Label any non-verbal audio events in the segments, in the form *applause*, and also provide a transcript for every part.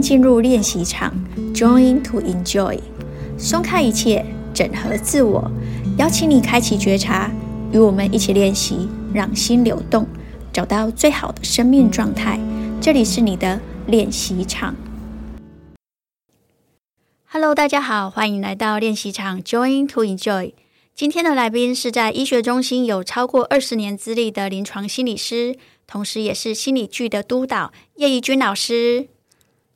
進入練習場，Join to Enjoy，鬆開一切，整合自我，邀請你開啟覺察，與我們一起練習，讓心流動，找到最好的生命狀態。這裡是你的練習場。Hello，大家好，歡迎來到練習場，Join to Enjoy。今天的來賓是在醫學中心有超過二十年資歷的臨床心理師，同時也是心理劇的督導，葉怡君老師。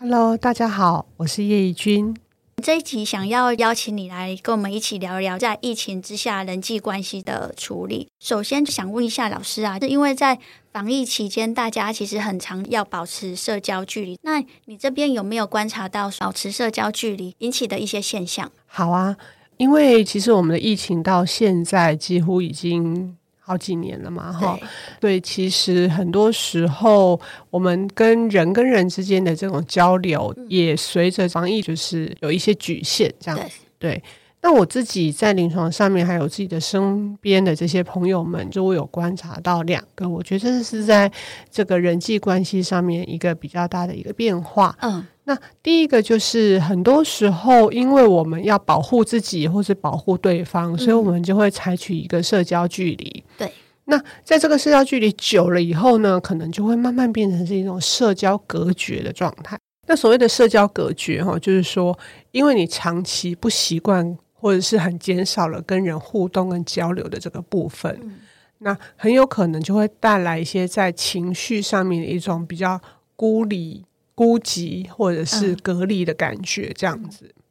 Hello，大家好，我是葉怡君。這一集想要邀請你來跟我們一起聊一聊在疫情之下人際關係的處理。首先想問一下老師啊，是因為在防疫期間，大家其實很常要保持社交距離。那你這邊有沒有觀察到保持社交距離引起的一些現象？好啊，因為其實我們的疫情到現在幾乎已經。好幾年了嘛，哈對，對，其實很多時候我們跟人跟人之間的這種交流，也隨着防疫就是有一些局限，這樣子，對。對那我自己在臨床上面，還有自己的身邊的這些朋友們，就我有觀察到兩個，我覺得這是在這個人際關係上面一個比較大的一個變化。嗯，那第一個就是很多時候，因為我們要保護自己，或是保護對方，嗯、所以我們就會採取一個社交距離。對，那在這個社交距離久了以後呢，可能就會慢慢變成是一種社交隔絕的狀態。那所謂的社交隔絕，哈、哦，就是說，因為你長期不習慣。或者是很減少了跟人互動跟交流的這個部分，嗯、那很有可能就會帶來一些在情緒上面的一種比較孤立、孤寂或者是隔離的感覺，這樣子。嗯、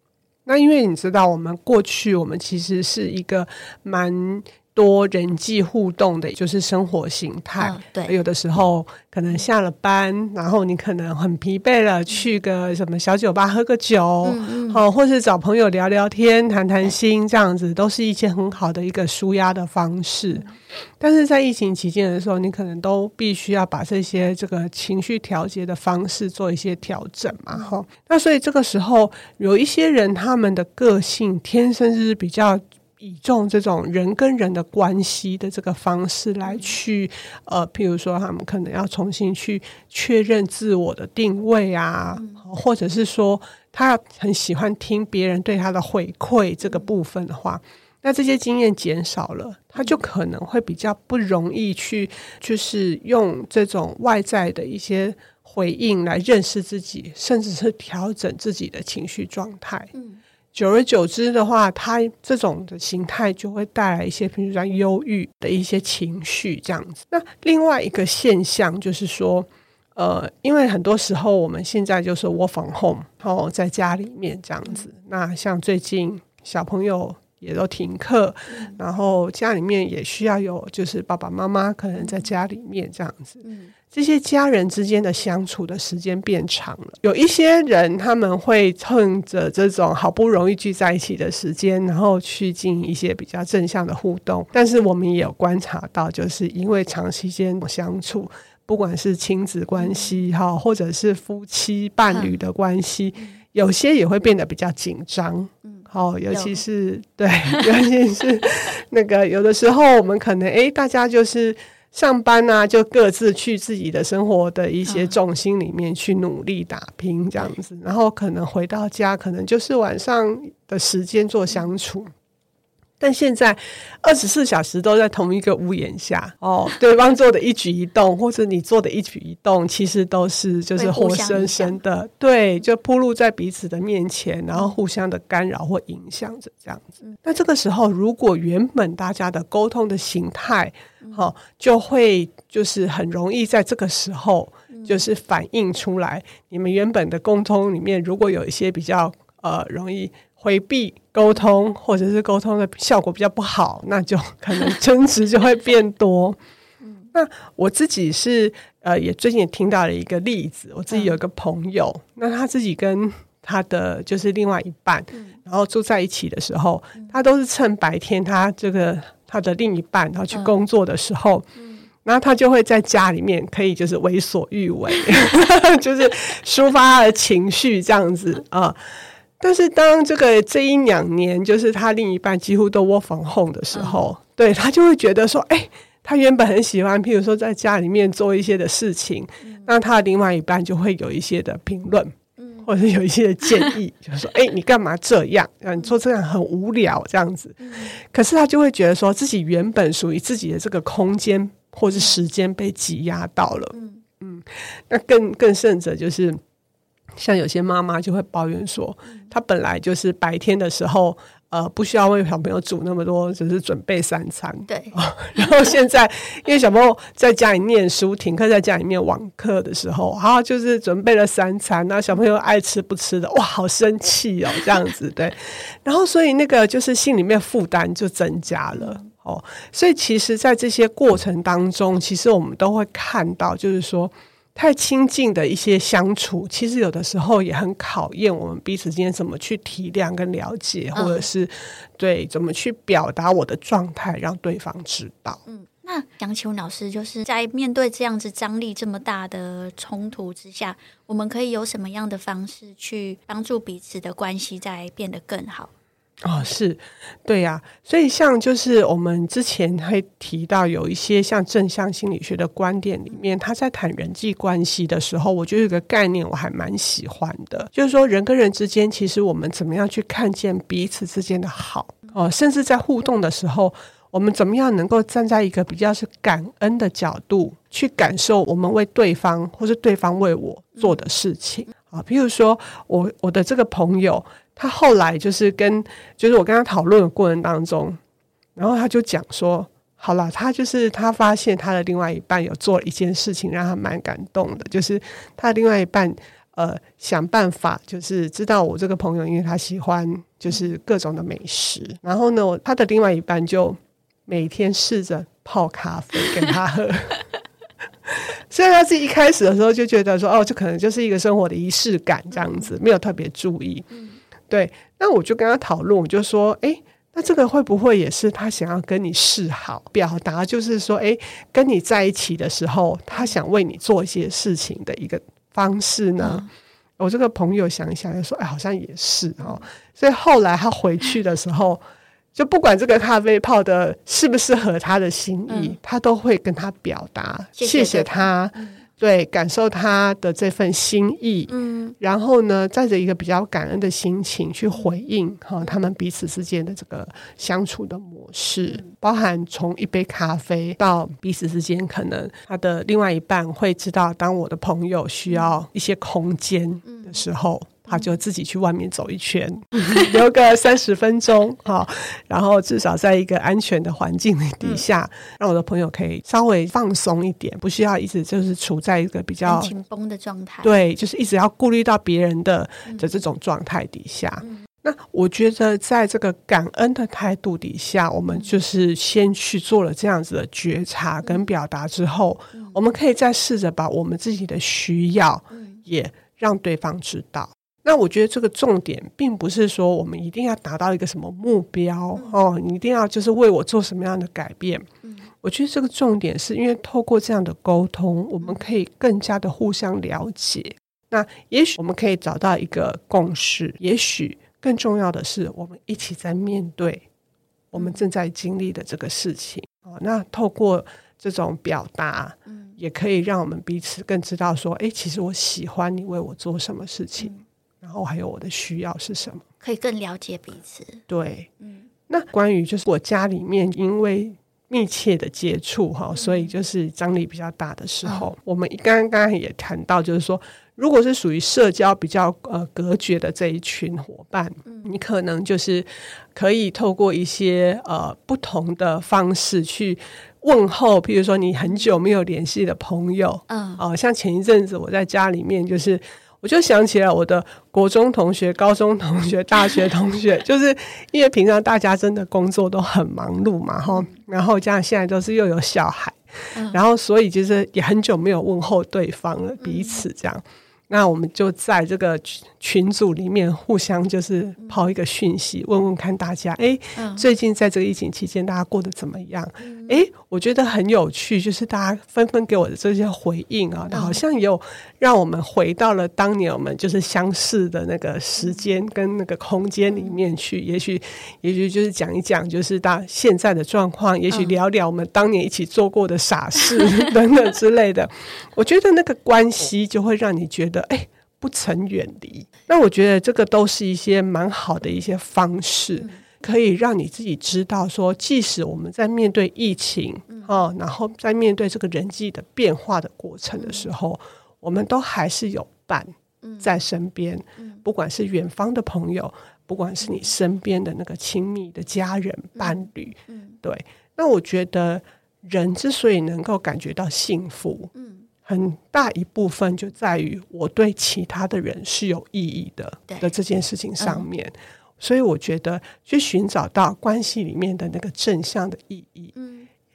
那因為你知道，我們過去我們其實是一個蠻多人際互動的，就是生活形態、哦。對，有的時候可能下了班，嗯、然後你可能很疲憊了，嗯、去個什麼小酒吧喝個酒，嗯嗯哦、或者找朋友聊聊天、談談心，對這樣子都是一些很好的一個舒壓的方式。嗯、但是在疫情期間的時候，你可能都必須要把這些這個情緒調節的方式做一些調整嘛。哈、哦，那所以這個時候，有一些人他們的個性天生就是比較。以重這種人跟人的關係的這個方式來去，呃，譬如說他們可能要重新去確認自我的定位啊，嗯、或者是說他很喜歡聽別人對他的回饋這個部分的話，那這些經驗減少了，他就可能會比較不容易去，就是用這種外在的一些回應來認識自己，甚至是調整自己的情緒狀態。嗯久而久之的話，它這種的形態就會帶來一些比如說憂鬱的一些情緒這樣子。那另外一個現象就是說，呃，因為很多時候我們現在就是 work from home，在家裡面這樣子。那像最近小朋友。也都停課，然後家裡面也需要有，就是爸爸媽媽可能在家裡面這樣子，嗯、這些家人之間的相處的時間變長了。有一些人他們會趁着這種好不容易聚在一起的時間，然後去進行一些比較正向的互動。但是我們也有觀察到，就是因為長時間相處，不管是親子關係哈，嗯、或者是夫妻伴侶的關係，嗯、有些也會變得比較緊張。嗯好、哦，尤其是有對，尤其是那個 *laughs* 有的時候，我們可能誒、欸，大家就是上班啊，就各自去自己的生活的一些重心裡面去努力打拼，這樣子，嗯、然後可能回到家，可能就是晚上的時間做相處。嗯但現在二十四小時都在同一個屋檐下哦，對方做的一舉一動， *laughs* 或者你做的一舉一動，其實都是就是活生生的，對，就暴露在彼此的面前，然後互相的干擾或影響着這樣子。嗯、那這個時候，如果原本大家的溝通的形態、嗯哦，就會就是很容易在這個時候就是反映出來，嗯、你們原本的溝通裡面，如果有一些比較呃容易。回避溝通，或者是溝通的效果比較不好，那就可能爭執就會變多。 *laughs* 嗯、那我自己是呃，也最近也聽到了一個例子，我自己有一個朋友，嗯、那他自己跟他的就是另外一半，嗯、然後住在一起的時候，嗯、他都是趁白天他這個他的另一半然後去工作的時候，那、嗯、他就會在家裡面可以就是為所欲為， *laughs* *laughs* 就是抒發他的情緒這樣子啊。嗯嗯但是，當這個這一兩年，就是他另一半幾乎都 work from home 的時候，對他就會覺得說：“哎、欸，他原本很喜歡，譬如說在家裡面做一些的事情，嗯、那他另外一半就會有一些的評論，嗯、或者是有一些的建議，嗯、就是說：‘哎、欸，你幹嘛這樣？啊、你做這樣很無聊，這樣子。’可是他就會覺得說自己原本屬於自己的這個空間或是時間被擠壓到了，嗯，那更更甚者就是。”像有些媽媽就會抱怨說，她本來就是白天的時候，呃，不需要為小朋友煮那麼多，只是準備三餐。對。哦，然後現在因為小朋友在家裡唸書、停課，在家裡面網課的時候，啊，就是準備了三餐，那小朋友愛吃不吃的，哇，好生氣哦，這樣子對，然後所以那個就是心裡面負擔就增加了哦，所以其實，在這些過程當中，其實我們都會看到，就是說。太親近的一些相處，其實有的時候也很考驗我們彼此之間怎麼去體諒跟了解，嗯、或者是對怎麼去表達我的狀態，讓對方知道。嗯，那怡君老師就是在面對這樣子張力這麼大的衝突之下，我們可以有什麼樣的方式去幫助彼此的關係再變得更好？哦，是，對呀、啊，所以像就是我們之前會提到有一些像正向心理學的觀點裡面，他在談人際關係的時候，我就有一個概念，我還蠻喜歡的，就是說人跟人之間，其實我們怎麼樣去看見彼此之間的好，哦、呃，甚至在互動的時候，我們怎麼樣能夠站在一個比較是感恩的角度去感受我們為對方，或是對方為我做的事情，啊，譬如說我我的這個朋友。他後來就是跟，就是我跟他討論的過程當中，然後他就講說，好了，他就是他發現他的另外一半有做了一件事情，讓他蠻感動的，就是他的另外一半，呃，想辦法就是知道我這個朋友，因為他喜歡就是各種的美食，嗯、然後呢，他的另外一半就每天試着泡咖啡給他喝。 *laughs* 雖然他自己一開始的時候就覺得說，哦，這可能就是一個生活的儀式感這樣子，嗯、沒有特別注意。嗯對，那我就跟他討論，我就說，哎、欸，那這個會不會也是他想要跟你示好，表達就是說，哎、欸，跟你在一起的時候，他想為你做一些事情的一個方式呢？嗯、我這個朋友想一想，就說，哎、欸，好像也是哦。所以後來他回去的時候，嗯、就不管這個咖啡泡的適不適合他的心意，嗯、他都會跟他表達，謝謝，謝謝他。嗯對，感受他的這份心意，嗯，然後呢，帶着一個比較感恩的心情去回應，哈，他們彼此之間的這個相處的模式，嗯、包含從一杯咖啡到彼此之間，可能他的另外一半會知道，當我的朋友需要一些空間的時候。嗯嗯他就自己去外面走一圈，留個三十分鐘哈， *laughs* 然後至少在一個安全的環境底下，嗯、讓我的朋友可以稍微放鬆一點，不需要一直就是處在一個比較緊繃的狀態，對，就是一直要顧慮到別人的的這種狀態底下。嗯、那我覺得，在這個感恩的態度底下，我們就是先去做了這樣子的覺察跟表達之後，嗯、我們可以再試着把我們自己的需要也讓對方知道。那我覺得這個重點並不是說我們一定要達到一個什麼目標、嗯、哦，你一定要就是為我做什麼樣的改變。嗯，我覺得這個重點是因為透過這樣的溝通，嗯、我們可以更加的互相了解。那也許我們可以找到一個共識，也許更重要的是我們一起在面對我們正在經歷的這個事情、嗯哦、那透過這種表達，嗯，也可以讓我們彼此更知道說，誒，其實我喜歡你為我做什麼事情。嗯然後還有我的需要是什麼？可以更了解彼此。對，嗯，那關於就是我家裡面因為密切的接觸哈，嗯、所以就是張力比較大的時候，嗯、我們一剛剛也談到，就是說，如果是屬於社交比較呃隔絕的這一群夥伴，嗯、你可能就是可以透過一些呃不同的方式去問候，譬如說你很久沒有聯繫的朋友，嗯，哦、呃，像前一陣子我在家裡面就是。我就想起來我的國中同學、高中同學、大學同學， *laughs* 就是因為平常大家真的工作都很忙碌嘛，嗯、然後加上現在都是又有小孩，嗯、然後所以就是也很久沒有問候對方了，彼此這樣，嗯、那我們就在這個。群組裡面互相就是拋一個訊息，嗯、問問看大家，哎、欸，嗯、最近在這個疫情期間大家過得怎麼樣？哎、嗯欸，我覺得很有趣，就是大家紛紛給我的這些回應啊，嗯、好像有讓我們回到了當年我們就是相識的那個時間跟那個空間裡面去。嗯、也許，也許就是講一講就是大家現在的狀況，嗯、也許聊聊我們當年一起做過的傻事、嗯、等等之類的。 *laughs* 我覺得那個關係就會讓你覺得，哎、欸。不曾遠離，那我覺得這個都是一些蠻好的一些方式，可以讓你自己知道說，即使我們在面對疫情，嗯，哦，然後在面對這個人際的變化的過程的時候，嗯，我們都還是有伴在身邊，嗯，嗯，不管是遠方的朋友，不管是你身邊的那個親密的家人、伴侶，嗯，嗯，對。那我覺得人之所以能夠感覺到幸福，嗯。很大一部分就在於我對其他的人是有意義的對的這件事情上面，所以我覺得去尋找到關係裡面的那個正向的意義，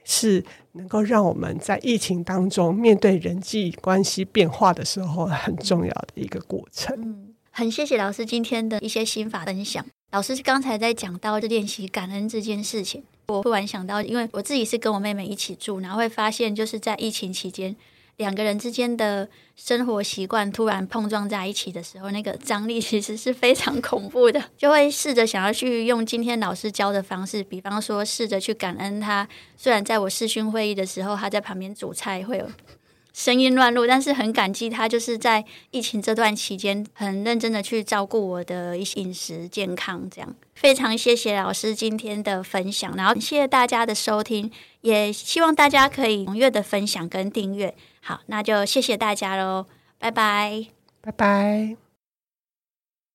是能夠讓我們在疫情當中面對人際關係變化的時候很重要的一個過程。嗯，很謝謝老師今天的一些心法分享。老師剛才在講到練習感恩這件事情，我突然想到，因為我自己是跟我妹妹一起住，然後會發現就是在疫情期間。兩個人之間的生活習慣突然碰撞在一起的時候，那個張力其實是非常恐怖的，就會試着想要去用今天老師教的方式，比方說試着去感恩他。雖然在我視訊會議的時候，他在旁邊煮菜會有。聲音亂錄，但是很感激他，就是在疫情這段期間，很認真的去照顧我的飲食健康，這樣。非常謝謝老師今天的分享，然後謝謝大家的收聽，也希望大家可以踴躍的分享跟訂閱，好，那就謝謝大家嘍，拜拜，拜拜。